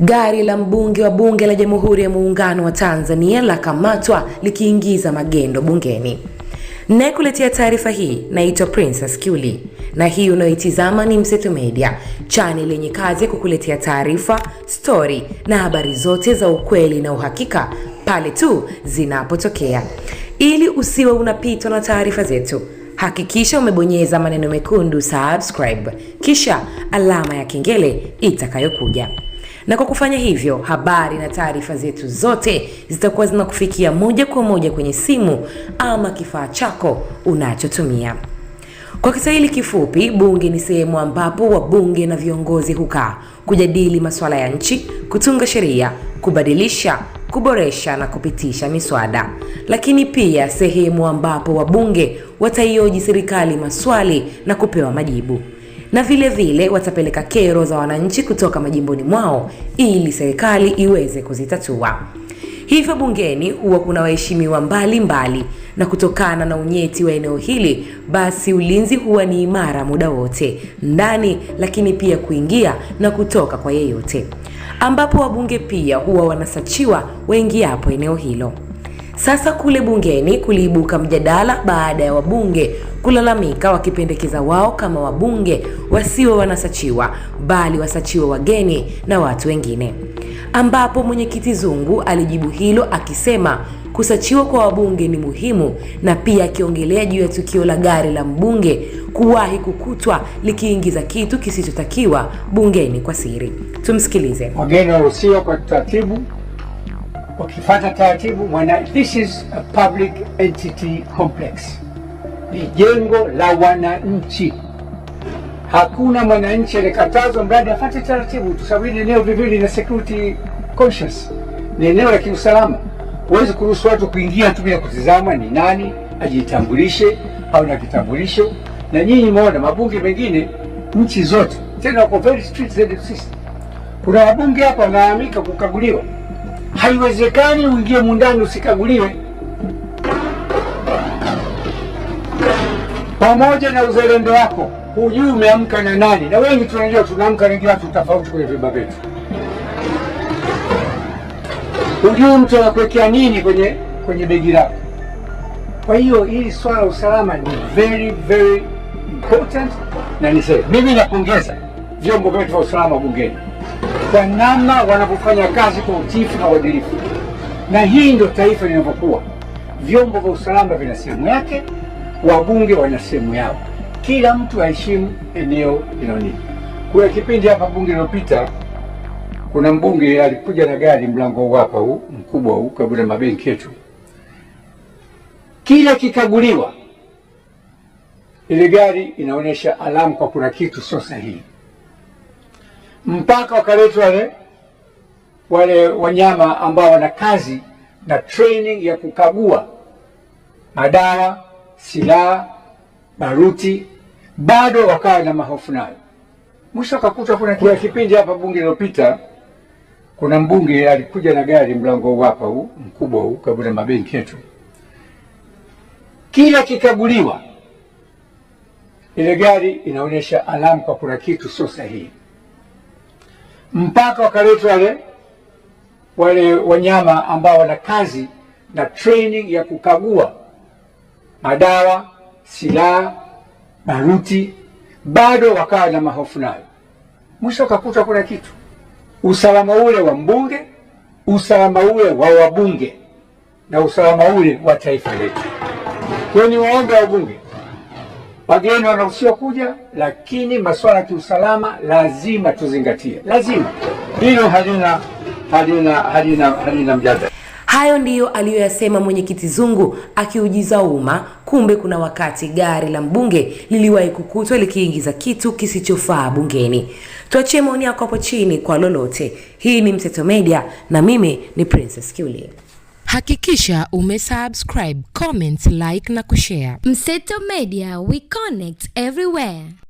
Gari la mbunge wa bunge la Jamhuri ya Muungano wa Tanzania lakamatwa likiingiza magendo bungeni. Nayekuletea taarifa hii naitwa Princess Kiuli, na hii unayoitizama ni Mseto Media, channel yenye kazi ya kukuletea taarifa, stori na habari zote za ukweli na uhakika pale tu zinapotokea. Ili usiwe unapitwa na taarifa zetu, hakikisha umebonyeza maneno mekundu subscribe, kisha alama ya kengele itakayokuja na kwa kufanya hivyo, habari na taarifa zetu zote zitakuwa zinakufikia moja kwa moja kwenye simu ama kifaa chako unachotumia. Kwa Kiswahili kifupi, bunge ni sehemu ambapo wabunge na viongozi hukaa kujadili masuala ya nchi, kutunga sheria, kubadilisha, kuboresha na kupitisha miswada, lakini pia sehemu ambapo wabunge wataioji serikali maswali na kupewa majibu na vile vile watapeleka kero za wananchi kutoka majimboni mwao ili serikali iweze kuzitatua. Hivyo bungeni huwa kuna waheshimiwa mbalimbali, na kutokana na unyeti wa eneo hili, basi ulinzi huwa ni imara muda wote ndani, lakini pia kuingia na kutoka kwa yeyote, ambapo wabunge pia huwa wanasachiwa waingiapo eneo hilo. Sasa kule bungeni kuliibuka mjadala baada ya wabunge kulalamika, wakipendekeza wao kama wabunge wasiwe wanasachiwa bali wasachiwe wageni na watu wengine, ambapo mwenyekiti Zungu alijibu hilo akisema kusachiwa kwa wabunge ni muhimu, na pia akiongelea juu ya tukio la gari la mbunge kuwahi kukutwa likiingiza kitu kisichotakiwa bungeni kwa siri. Tumsikilize. Wageni waruhusiwa kwa taratibu, wakifuata taratibu. This is a public entity complex ni jengo la wananchi. Hakuna mwananchi alikatazwa, mradi afate taratibu, kwa sababu eneo vivili na security conscious, ni eneo la kiusalama. Huwezi kuruhusu watu kuingia tu bila kutizama ni nani, ajitambulishe au na kitambulisho. Na nyinyi mmeona mabunge mengine nchi zote tena wako very strict zaidi sisi. Kuna wabunge hapa wanalalamika kukaguliwa. Haiwezekani uingie mundani usikaguliwe. pamoja na uzalendo wako, hujui umeamka na nani. Na wengi tunajua tunaamka na watu tofauti kwenye vyumba vyetu, hujui mtu anakuwekea nini kwenye kwenye begi lako. Kwa hiyo hili swala la usalama ni very very important, na niseme mimi napongeza vyombo vyetu vya usalama bungeni kwa namna wanavyofanya kazi kwa utifu na uadilifu, na hii ndio taifa linavyokuwa. Vyombo vya usalama vina sehemu yake wabunge wana sehemu yao, kila mtu aheshimu eneo Nini Kuna kipindi hapa bunge lilopita, kuna mbunge alikuja na gari, mlango huu hapa huu mkubwa huu karibu na mabenki yetu, kila kikaguliwa ile gari inaonyesha alamu kwa kuna kitu sio sahihi, mpaka wakaletwa wale wale wanyama ambao wana kazi na training ya kukagua madawa silaha, baruti, bado wakawa na mahofu nayo. Mwisho akakuta kuna kia kipindi hapa bunge lilopita, kuna mbunge alikuja na gari, mlango huu hapa huu mkubwa huu karibu na mabenki yetu, kila kikaguliwa ile gari inaonyesha alamu kwa kuna kitu sio sahihi, mpaka wakaletwa wale wale wanyama ambao wana kazi na training ya kukagua madawa, silaha, baruti, bado wakawa na mahofu nayo. Mwisho kakuta kuna kitu, usalama ule wa mbunge, usalama ule wa wabunge na usalama ule wa taifa letu. Kwa ni waombe wabunge, wageni wanaruhusiwa kuja, lakini masuala ya kiusalama lazima tuzingatie, lazima hilo halina halina halina halina mjadala. Hayo ndiyo aliyoyasema mwenyekiti Zungu akiujiza umma, kumbe kuna wakati gari la mbunge liliwahi kukutwa likiingiza kitu kisichofaa bungeni. Tuachie maoni yako hapo chini kwa lolote. Hii ni Mseto Media na mimi ni Princess Kiuli. Hakikisha umesubscribe, comment, like na kushare. Mseto Media, we connect everywhere.